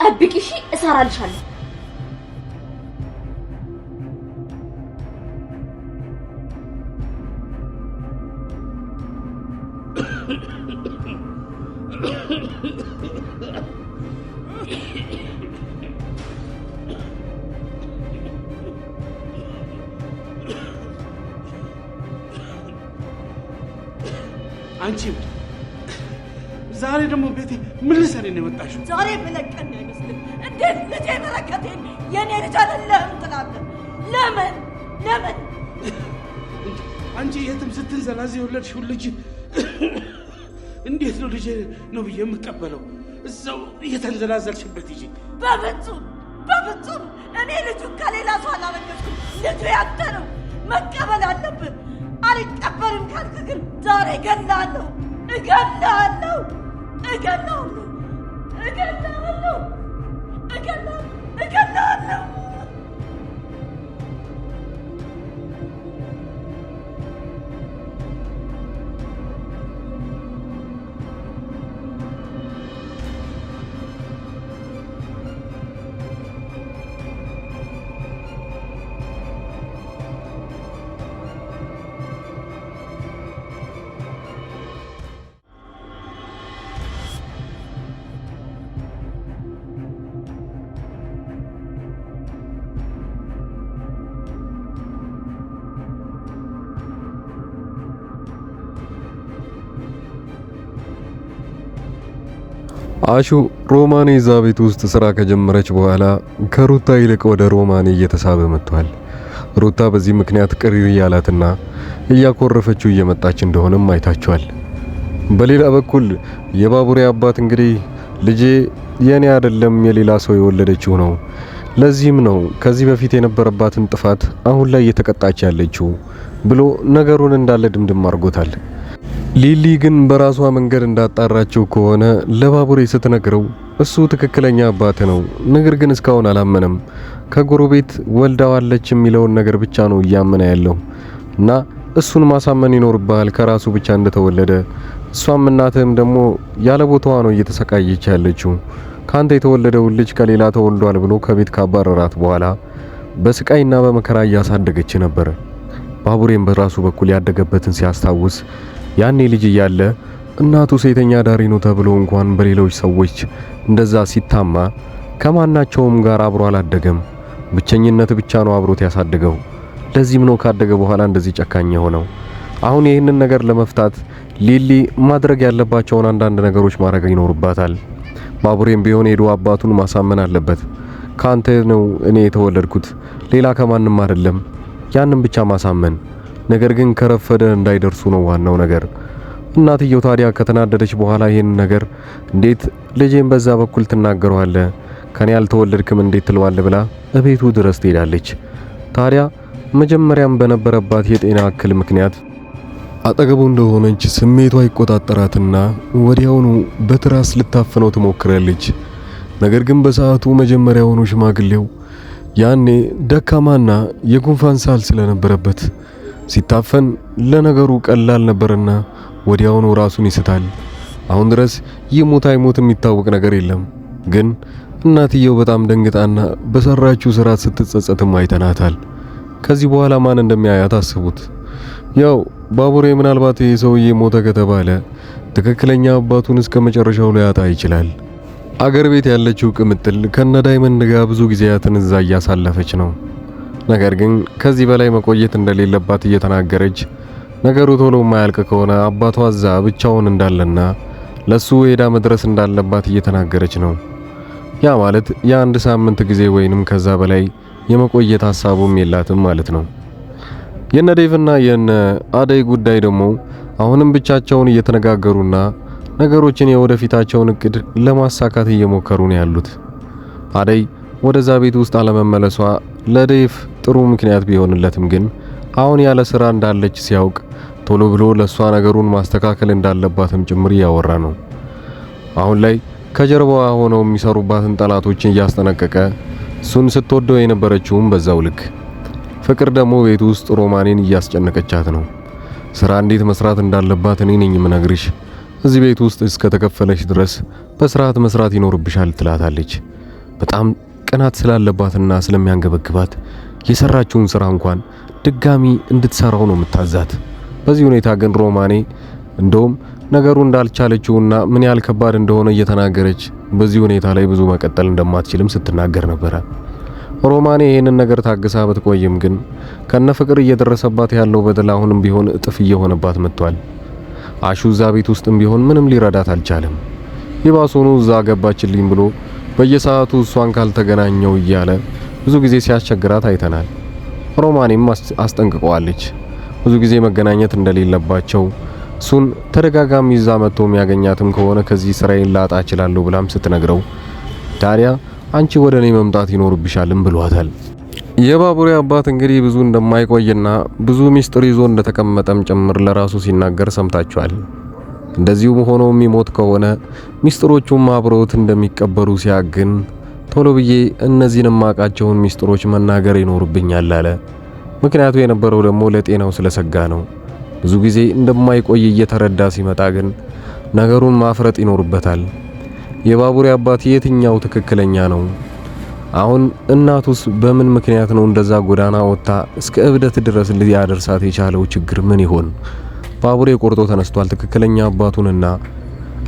ጠብቂ እሺ እሰራልሻለሁ ምን ልሰሪ ነው የመጣሽው? ዛሬ መለቀን አይመስልም። እንዴት ልጄ በረከቴን የእኔ ልጅ አይደለህም ትላለህ? ለምን ለምን አንቺ የትም ስትንዘላዝ የወለድሽውን ልጅ እንዴት ነው ልጄ ነው ብዬ የምቀበለው? እዛው እየተንዘላዘልሽበት ይዤ በፍጹም በፍጹም። እኔ ልጁን ከሌላ ሰው አላመለጥኩም። ልጁ ያንተ ነው፣ መቀበል አለብን። አልቀበልም ካልክ ግን ዛሬ እገላለሁ፣ እገላለሁ። اجل له اجل له አሹ ሮማኔ እዛ ቤት ውስጥ ስራ ከጀመረች በኋላ ከሩታ ይልቅ ወደ ሮማኔ እየተሳበ መጥቷል። ሩታ በዚህ ምክንያት ቅር እያላትና እያኮረፈችው እየመጣች እንደሆነም አይታችኋል። በሌላ በኩል የባቡሬ አባት እንግዲህ ልጄ የኔ አይደለም የሌላ ሰው የወለደችው ነው። ለዚህም ነው ከዚህ በፊት የነበረባትን ጥፋት አሁን ላይ እየተቀጣች ያለችው ብሎ ነገሩን እንዳለ ድምድም አድርጎታል። ሊሊ ግን በራሷ መንገድ እንዳጣራችው ከሆነ ለባቡሬ ስትነግረው እሱ ትክክለኛ አባት ነው፣ ነገር ግን እስካሁን አላመነም። ከጎረቤት ወልዳዋለች የሚለውን ነገር ብቻ ነው እያመነ ያለው እና እሱን ማሳመን ይኖርብሃል ከራሱ ብቻ እንደተወለደ። እሷም እናትህም ደግሞ ያለ ቦታዋ ነው እየተሰቃየች ያለችው። ካንተ የተወለደው ልጅ ከሌላ ተወልዷል ብሎ ከቤት ካባረራት በኋላ በስቃይና በመከራ እያሳደገች ነበር። ባቡሬም በራሱ በኩል ያደገበትን ሲያስታውስ ያኔ ልጅ እያለ እናቱ ሴተኛ ዳሪ ነው ተብሎ እንኳን በሌሎች ሰዎች እንደዛ ሲታማ ከማናቸውም ጋር አብሮ አላደገም። ብቸኝነት ብቻ ነው አብሮት ያሳደገው። ለዚህም ነው ካደገ በኋላ እንደዚህ ጨካኝ የሆነው። አሁን ይህንን ነገር ለመፍታት ሊሊ ማድረግ ያለባቸውን አንዳንድ ነገሮች ማድረግ ይኖርባታል። ባቡሬም ቢሆን ሄዶ አባቱን ማሳመን አለበት። ካንተ ነው እኔ የተወለድኩት፣ ሌላ ከማንም አይደለም። ያንን ብቻ ማሳመን ነገር ግን ከረፈደ እንዳይደርሱ ነው ዋናው ነገር። እናትየው ታዲያ ከተናደደች በኋላ ይህን ነገር እንዴት ልጄን በዛ በኩል ትናገረዋለ? ከኔ አልተወለድክም እንዴት ትለዋለ? ብላ እቤቱ ድረስ ትሄዳለች። ታዲያ መጀመሪያም በነበረባት የጤና እክል ምክንያት አጠገቡ እንደሆነች ስሜቷ ይቆጣጠራትና ወዲያውኑ በትራስ ልታፍነው ትሞክራለች። ነገር ግን በሰዓቱ መጀመሪያውኑ ሽማግሌው ያኔ ደካማና የጉንፋን ሳል ስለነበረበት ሲታፈን ለነገሩ ቀላል ነበርና ወዲያውኑ ራሱን ይስታል። አሁን ድረስ ይሞት አይሞት የሚታወቅ ነገር የለም። ግን እናትየው በጣም ደንግጣና በሰራችው ስራ ስትጸጸትም አይተናታል። ከዚህ በኋላ ማን እንደሚያያት አስቡት። ያው ባቡሬ ምናልባት ይህ ሰውዬ ሞተ ከተባለ ትክክለኛ አባቱን እስከ መጨረሻው ሊያጣ ይችላል። አገር ቤት ያለችው ቅምጥል ከነ ዳይመንድ ጋር ብዙ ጊዜያትን እዛ እያሳለፈች ነው። ነገር ግን ከዚህ በላይ መቆየት እንደሌለባት እየተናገረች ነገሩ ቶሎ ማያልቅ ከሆነ አባቷ እዛ ብቻውን እንዳለና ለሱ ሄዳ መድረስ እንዳለባት እየተናገረች ነው። ያ ማለት የአንድ ሳምንት ጊዜ ወይንም ከዛ በላይ የመቆየት ሀሳቡም የላትም ማለት ነው። የነ ዴቭና የነ አደይ ጉዳይ ደግሞ አሁንም ብቻቸውን እየተነጋገሩና ነገሮችን የወደፊታቸውን እቅድ ለማሳካት እየሞከሩ ነው ያሉት። አደይ ወደዛ ቤት ውስጥ አለመመለሷ ለዴቭ ጥሩ ምክንያት ቢሆንለትም ግን አሁን ያለ ስራ እንዳለች ሲያውቅ ቶሎ ብሎ ለሷ ነገሩን ማስተካከል እንዳለባትም ጭምር እያወራ ነው። አሁን ላይ ከጀርባዋ ሆነው የሚሰሩባትን ጠላቶችን እያስጠነቀቀ እሱን ስትወደው የነበረችውም በዛው ልክ ፍቅር ደግሞ ቤት ውስጥ ሮማኔን እያስጨነቀቻት ነው። ስራ እንዴት መስራት እንዳለባት እኔ ነኝ የምነግርሽ፣ እዚህ ቤት ውስጥ እስከ ድረስ በስርዓት መስራት ይኖርብሻል ትላታለች። በጣም ቅናት ስላለባትና ስለሚያንገበግባት የሰራችውን ስራ እንኳን ድጋሚ እንድትሰራው ነው የምታዛት። በዚህ ሁኔታ ግን ሮማኔ እንደውም ነገሩ እንዳልቻለችውና ምን ያህል ከባድ እንደሆነ እየተናገረች በዚህ ሁኔታ ላይ ብዙ መቀጠል እንደማትችልም ስትናገር ነበረ። ሮማኔ ይህንን ነገር ታግሳ ብትቆይም ግን ከነ ፍቅር እየደረሰባት ያለው በደል አሁንም ቢሆን እጥፍ እየሆነባት መጥቷል። አሹ እዛ ቤት ውስጥም ቢሆን ምንም ሊረዳት አልቻለም። ይባሱኑ እዛ ገባችልኝ ብሎ በየሰዓቱ እሷን ካልተገናኘው እያለ ብዙ ጊዜ ሲያስቸግራት አይተናል። ሮማኔም አስጠንቅቀዋለች ብዙ ጊዜ መገናኘት እንደሌለባቸው እሱን ተደጋጋሚ ይዛ መጥቶ የሚያገኛትም ከሆነ ከዚህ ስራዬን ላጣ እችላለሁ ብላም ስትነግረው ታዲያ አንቺ ወደ እኔ መምጣት ይኖርብሻልም ብሏታል። የባቡሬ አባት እንግዲህ ብዙ እንደማይቆይና ብዙ ሚስጥር ይዞ እንደተቀመጠም ጭምር ለራሱ ሲናገር ሰምታችኋል። እንደዚሁም ሆኖ የሚሞት ከሆነ ሚስጥሮቹም አብረውት እንደሚቀበሩ ሲያግን ቶሎ ብዬ እነዚህን የማውቃቸውን ሚስጥሮች መናገር ይኖርብኛል አለ። ምክንያቱ የነበረው ደግሞ ለጤናው ስለሰጋ ነው። ብዙ ጊዜ እንደማይቆይ እየተረዳ ሲመጣ ግን ነገሩን ማፍረጥ ይኖርበታል። የባቡሬ አባት የትኛው ትክክለኛ ነው? አሁን እናቱስ በምን ምክንያት ነው እንደዛ ጎዳና ወጥታ እስከ እብደት ድረስ ሊያደርሳት የቻለው ችግር ምን ይሆን? ባቡሬ ቆርጦ ተነስቷል። ትክክለኛ አባቱንና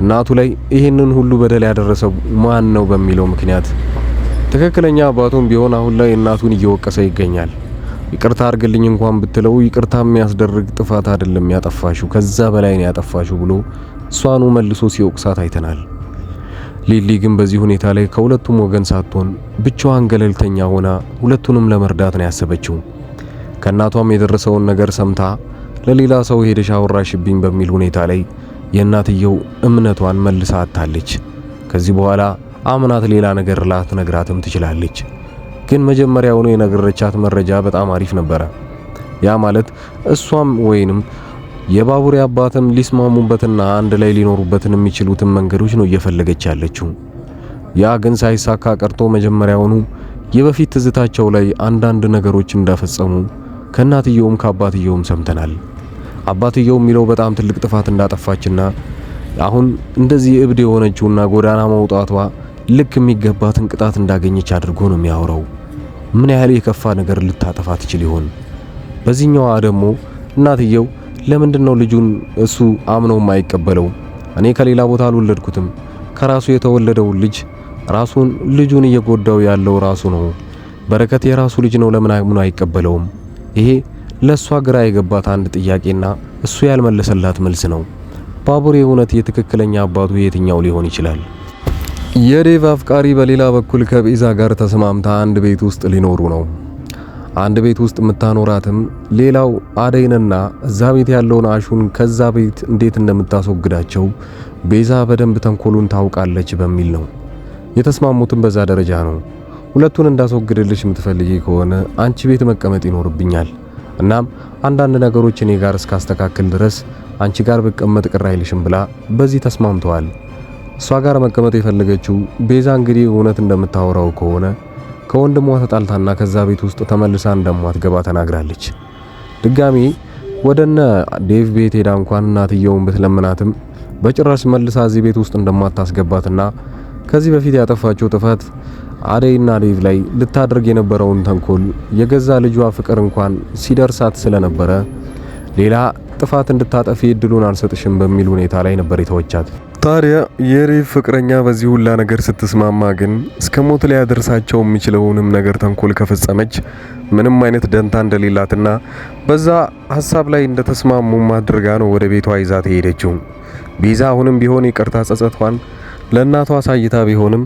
እናቱ ላይ ይህንን ሁሉ በደል ያደረሰው ማን ነው በሚለው ምክንያት ትክክለኛ አባቱም ቢሆን አሁን ላይ እናቱን እየወቀሰ ይገኛል። ይቅርታ አድርግልኝ እንኳን ብትለው ይቅርታ የሚያስደርግ ጥፋት አይደለም ያጠፋሹ፣ ከዛ በላይ ነው ያጠፋሹ ብሎ እሷኑ መልሶ ሲወቅሳት አይተናል። ሊሊ ግን በዚህ ሁኔታ ላይ ከሁለቱም ወገን ሳትሆን ብቻዋን ገለልተኛ ሆና ሁለቱንም ለመርዳት ነው ያሰበችው። ከእናቷም የደረሰውን ነገር ሰምታ ለሌላ ሰው ሄደሽ አወራሽብኝ በሚል ሁኔታ ላይ የእናትየው እምነቷን መልሳ አታለች። ከዚህ በኋላ አምናት ሌላ ነገር ላትነግራትም ትችላለች። ግን መጀመሪያውኑ የነገረቻት መረጃ በጣም አሪፍ ነበረ። ያ ማለት እሷም ወይንም የባቡሬ አባትም ሊስማሙበትና አንድ ላይ ሊኖሩበትን የሚችሉትን መንገዶች ነው እየፈለገች ያለችው። ያ ግን ሳይሳካ ቀርቶ መጀመሪያውኑ የበፊት ትዝታቸው ላይ አንዳንድ ነገሮች እንዳፈጸሙ ከእናትየውም ከአባትየውም ሰምተናል። አባትየው የሚለው በጣም ትልቅ ጥፋት እንዳጠፋችና አሁን እንደዚህ እብድ የሆነችውና ጎዳና መውጣቷ ልክ የሚገባትን ቅጣት እንዳገኘች አድርጎ ነው የሚያወራው። ምን ያህል የከፋ ነገር ልታጠፋ ትችል ይሆን? በዚህኛዋ ደግሞ እናትየው ለምንድን ነው ልጁን እሱ አምነው የማይቀበለው? እኔ ከሌላ ቦታ አልወለድኩትም፣ ከራሱ የተወለደው ልጅ ራሱን ልጁን እየጎዳው ያለው ራሱ ነው። በረከት የራሱ ልጅ ነው፣ ለምን አምኖ አይቀበለውም? ይሄ ለእሷ ግራ የገባት አንድ ጥያቄና እሱ ያልመለሰላት መልስ ነው። ባቡሬ የእውነት የትክክለኛ አባቱ የትኛው ሊሆን ይችላል? የዴቭ አፍቃሪ በሌላ በኩል ከቤዛ ጋር ተስማምታ አንድ ቤት ውስጥ ሊኖሩ ነው። አንድ ቤት ውስጥ የምታኖራትም ሌላው አደይንና እዛ ቤት ያለውን አሹን ከዛ ቤት እንዴት እንደምታስወግዳቸው ቤዛ በደንብ ተንኮሉን ታውቃለች በሚል ነው። የተስማሙትም በዛ ደረጃ ነው። ሁለቱን እንዳስወግድልሽ የምትፈልጊ ከሆነ አንቺ ቤት መቀመጥ ይኖርብኛል እናም አንዳንድ ነገሮች እኔ ጋር እስካስተካክል ድረስ አንቺ ጋር ብቀመጥ ቅር አይልሽም ብላ በዚህ ተስማምተዋል። እሷ ጋር መቀመጥ የፈለገችው ቤዛ እንግዲህ እውነት እንደምታወራው ከሆነ ከወንድሟ ተጣልታና ከዛ ቤት ውስጥ ተመልሳ እንደማትገባ ተናግራለች። ድጋሚ ወደነ ዴቭ ቤት ሄዳ እንኳን እናትየውን ብትለምናትም በጭራሽ መልሳ እዚህ ቤት ውስጥ እንደማታስገባትና ከዚህ በፊት ያጠፋቸው ጥፋት አደይና ዴቭ ላይ ልታደርግ የነበረውን ተንኮል የገዛ ልጇ ፍቅር እንኳን ሲደርሳት ስለነበረ ሌላ ጥፋት እንድታጠፊ እድሉን አልሰጥሽም በሚል ሁኔታ ላይ ነበር የተወቻት። ታዲያ የዴቭ ፍቅረኛ በዚህ ሁላ ነገር ስትስማማ ግን እስከ ሞት ሊያደርሳቸው የሚችለውንም ነገር ተንኮል ከፈጸመች ምንም አይነት ደንታ እንደሌላትና በዛ ሀሳብ ላይ እንደተስማሙ ማድርጋ ነው ወደ ቤቷ ይዛት የሄደችው። ቤዛ አሁንም ቢሆን ይቅርታ ጸጸቷን ለእናቷ አሳይታ ቢሆንም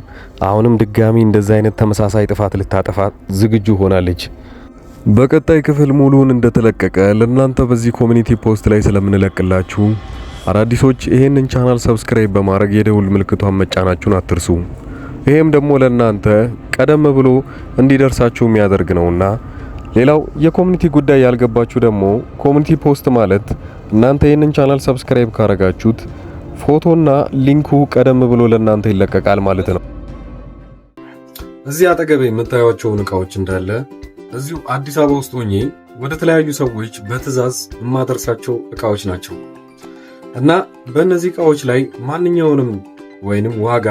አሁንም ድጋሚ እንደዚህ አይነት ተመሳሳይ ጥፋት ልታጠፋ ዝግጁ ሆናለች። በቀጣይ ክፍል ሙሉውን እንደተለቀቀ ለእናንተ በዚህ ኮሚኒቲ ፖስት ላይ ስለምንለቅላችሁ አዳዲሶች ይህንን ቻናል ሰብስክራይብ በማድረግ የደውል ምልክቷን መጫናችሁን አትርሱ። ይሄም ደግሞ ለእናንተ ቀደም ብሎ እንዲደርሳችሁ የሚያደርግ ነውና። ሌላው የኮሚኒቲ ጉዳይ ያልገባችሁ ደግሞ ኮሚኒቲ ፖስት ማለት እናንተ ይህንን ቻናል ሰብስክራይብ ካረጋችሁት ፎቶና ሊንኩ ቀደም ብሎ ለእናንተ ይለቀቃል ማለት ነው። እዚህ አጠገቤ የምታዩቸውን እቃዎች እንዳለ እዚሁ አዲስ አበባ ውስጥ ሆኜ ወደ ተለያዩ ሰዎች በትዕዛዝ የማደርሳቸው እቃዎች ናቸው እና በእነዚህ እቃዎች ላይ ማንኛውንም ወይንም ዋጋ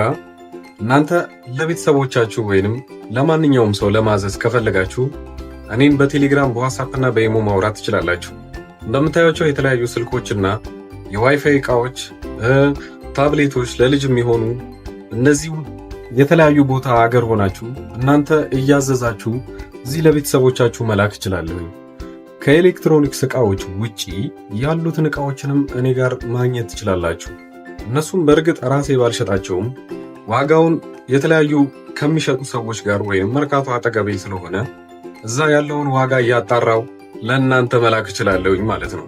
እናንተ ለቤተሰቦቻችሁ ወይንም ለማንኛውም ሰው ለማዘዝ ከፈለጋችሁ እኔን በቴሌግራም በዋትስአፕ እና በኢሞ ማውራት ትችላላችሁ። እንደምታዩቸው የተለያዩ ስልኮችና የዋይፋይ እቃዎች ታብሌቶች ለልጅ የሚሆኑ እነዚህ የተለያዩ ቦታ አገር ሆናችሁ እናንተ እያዘዛችሁ እዚህ ለቤተሰቦቻችሁ መላክ እችላለሁ። ከኤሌክትሮኒክስ እቃዎች ውጪ ያሉትን እቃዎችንም እኔ ጋር ማግኘት ትችላላችሁ። እነሱም በእርግጥ ራሴ ባልሸጣቸውም ዋጋውን የተለያዩ ከሚሸጡ ሰዎች ጋር ወይም መርካቶ አጠገቤ ስለሆነ እዛ ያለውን ዋጋ እያጣራው ለእናንተ መላክ እችላለሁኝ ማለት ነው።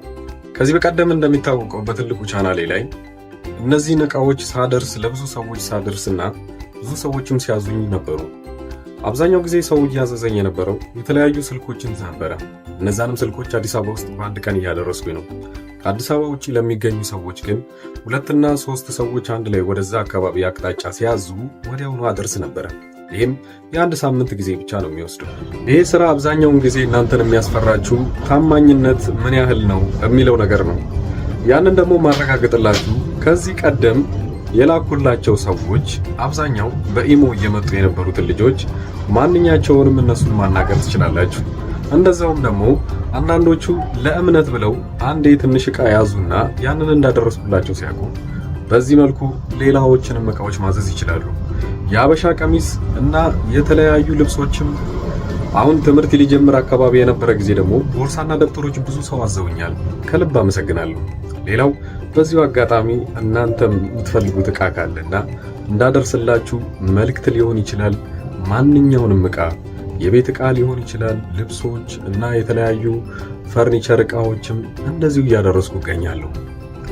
ከዚህ በቀደም እንደሚታወቀው በትልቁ ቻናሌ ላይ እነዚህን እቃዎች ሳደርስ ለብዙ ሰዎች ሳደርስና ብዙ ሰዎችም ሲያዙኝ ነበሩ። አብዛኛው ጊዜ ሰው እያዘዘኝ የነበረው የተለያዩ ስልኮችን ነበረ። እነዛንም ስልኮች አዲስ አበባ ውስጥ በአንድ ቀን እያደረስኩኝ ነው። ከአዲስ አበባ ውጭ ለሚገኙ ሰዎች ግን ሁለትና ሶስት ሰዎች አንድ ላይ ወደዛ አካባቢ አቅጣጫ ሲያዙ ወዲያውኑ አደርስ ነበረ። ይህም የአንድ ሳምንት ጊዜ ብቻ ነው የሚወስደው። ይህ ስራ አብዛኛውን ጊዜ እናንተን የሚያስፈራችሁ ታማኝነት ምን ያህል ነው የሚለው ነገር ነው። ያንን ደግሞ ማረጋገጥላችሁ ከዚህ ቀደም የላኩላቸው ሰዎች አብዛኛው በኢሞ እየመጡ የነበሩትን ልጆች ማንኛቸውንም እነሱን ማናገር ትችላላችሁ። እንደዚያውም ደግሞ አንዳንዶቹ ለእምነት ብለው አንዴ ትንሽ ዕቃ ያዙና ያንን እንዳደረስኩላቸው ሲያውቁ በዚህ መልኩ ሌላዎችንም ዕቃዎች ማዘዝ ይችላሉ። የአበሻ ቀሚስ እና የተለያዩ ልብሶችም አሁን ትምህርት ሊጀምር አካባቢ የነበረ ጊዜ ደግሞ ቦርሳና ደብተሮች ብዙ ሰው አዘውኛል። ከልብ አመሰግናለሁ። ሌላው በዚሁ አጋጣሚ እናንተ የምትፈልጉት እቃ ካለና እንዳደርስላችሁ መልእክት ሊሆን ይችላል። ማንኛውንም እቃ የቤት ዕቃ ሊሆን ይችላል፣ ልብሶች እና የተለያዩ ፈርኒቸር ዕቃዎችም እንደዚሁ እያደረስኩ እገኛለሁ።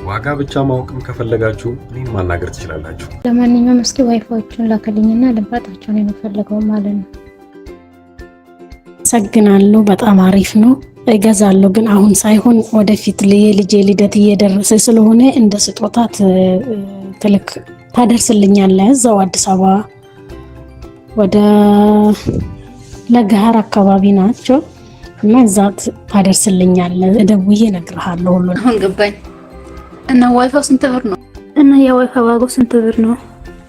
ዋጋ ብቻ ማወቅም ከፈለጋችሁ እኔን ማናገር ትችላላችሁ። ለማንኛውም እስኪ ዋይፋዎቹን ላከልኝና ልባጣቸውን የምፈልገው ማለት ነው። አመሰግናለሁ። በጣም አሪፍ ነው። እገዛለሁ ግን አሁን ሳይሆን ወደፊት የልጄ ልደት እየደረሰ ስለሆነ እንደ ስጦታት ትልክ ታደርስልኛለ እዛው አዲስ አበባ ወደ ለገሀር አካባቢ ናቸው እና እዛ ታደርስልኛለ እደውዬ እነግርሃለሁ። ሁሉ አሁን ገባኝ። እና ዋይፋው ስንት ብር ነው? እና የዋይፋ ዋጎ ስንት ብር ነው?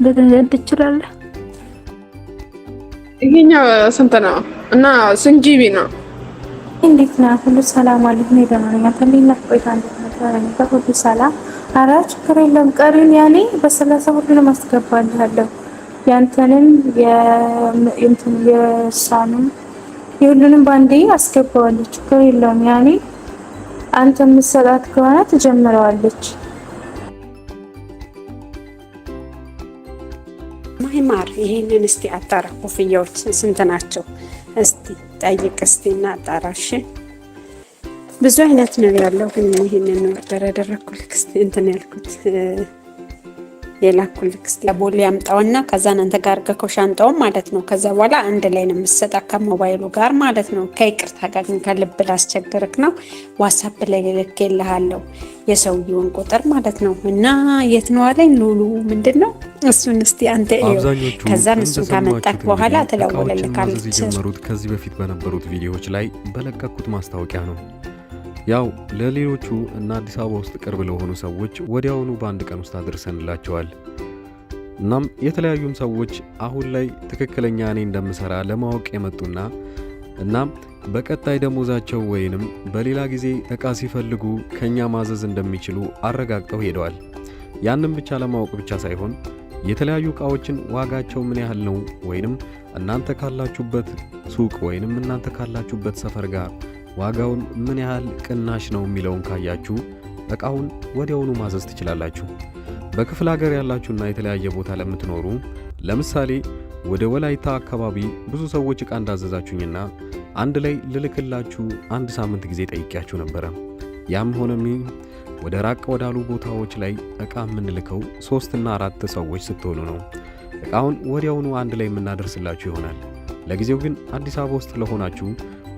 በገንዘብ ትችላለህ? ይሄኛው ስንት ነው? እና ስንጂቢ ነው። እንዴት ነህ? ሁሉ ሰላም አለህ? እኔ ደህና ነኝ። አንተ እንዴት ነህ? ቆይታ እንዴት ነበር? ሁሉ ሰላም። ኧረ ችግር የለም። ቀሪውን ያኔ በሰላሳ ሁሉንም አስገባልሃለሁ። ያንተንም የእንትን የእሷንም የሁሉንም ባንዴ አስገባዋለሁ። ችግር የለውም። ያኔ አንተ የምትሰጣት ከሆነ ትጀምረዋለች። ማሂማር ይሄንን እስቲ አጣራ። ኮፍያዎች ስንት ናቸው? እስቲ ጠይቅ እስቲ እና እናጣራሽ። ብዙ አይነት ነው ያለው፣ ግን ይህንን ነው ደረደረኩልክ እንትን ያልኩት የላኩልክ እስኪ ቦሌ ያምጣውና ከዛ አንተ ጋር ገከው ማለት ነው። ከዛ በኋላ አንድ ላይ ነው የምትሰጣ ከሞባይሉ ጋር ማለት ነው። ከይቅርታ ጋር ግን ከልብ ላስቸግርክ ነው ዋትሳፕ ላይ ልልክልሃለሁ የሰውየውን ቁጥር ማለት ነው። እና የት ነው አለኝ ሉሉ ምንድን ነው እሱን እስቲ አንተ ከዛ እሱን ካመጣክ በኋላ ተደውለልካለች። የጀመሩት ከዚህ በፊት በነበሩት ቪዲዮዎች ላይ በለቀኩት ማስታወቂያ ነው ያው ለሌሎቹ እና አዲስ አበባ ውስጥ ቅርብ ለሆኑ ሰዎች ወዲያውኑ በአንድ ቀን ውስጥ አድርሰንላቸዋል። እናም የተለያዩም ሰዎች አሁን ላይ ትክክለኛ እኔ እንደምሰራ ለማወቅ የመጡና እናም በቀጣይ ደሞዛቸው ወይንም በሌላ ጊዜ እቃ ሲፈልጉ ከእኛ ማዘዝ እንደሚችሉ አረጋግጠው ሄደዋል። ያንም ብቻ ለማወቅ ብቻ ሳይሆን የተለያዩ ዕቃዎችን ዋጋቸው ምን ያህል ነው ወይንም እናንተ ካላችሁበት ሱቅ ወይንም እናንተ ካላችሁበት ሰፈር ጋር ዋጋውን ምን ያህል ቅናሽ ነው የሚለውን ካያችሁ ዕቃውን ወዲያውኑ ማዘዝ ትችላላችሁ። በክፍለ ሀገር ያላችሁና የተለያየ ቦታ ለምትኖሩ ለምሳሌ ወደ ወላይታ አካባቢ ብዙ ሰዎች ዕቃ እንዳዘዛችሁኝና አንድ ላይ ልልክላችሁ አንድ ሳምንት ጊዜ ጠይቄያችሁ ነበረ። ያም ሆነሚ ወደ ራቅ ወዳሉ ቦታዎች ላይ ዕቃ የምንልከው ሦስትና አራት ሰዎች ስትሆኑ ነው። ዕቃውን ወዲያውኑ አንድ ላይ የምናደርስላችሁ ይሆናል። ለጊዜው ግን አዲስ አበባ ውስጥ ለሆናችሁ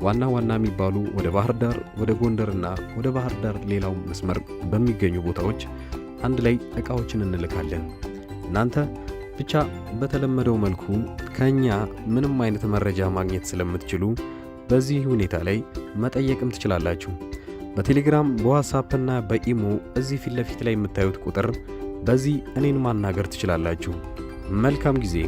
ዋና ዋና የሚባሉ ወደ ባህር ዳር፣ ወደ ጎንደርና ወደ ባህር ዳር ሌላው መስመር በሚገኙ ቦታዎች አንድ ላይ እቃዎችን እንልካለን። እናንተ ብቻ በተለመደው መልኩ ከእኛ ምንም አይነት መረጃ ማግኘት ስለምትችሉ በዚህ ሁኔታ ላይ መጠየቅም ትችላላችሁ። በቴሌግራም በዋትሳፕና በኢሞ እዚህ ፊት ለፊት ላይ የምታዩት ቁጥር በዚህ እኔን ማናገር ትችላላችሁ። መልካም ጊዜ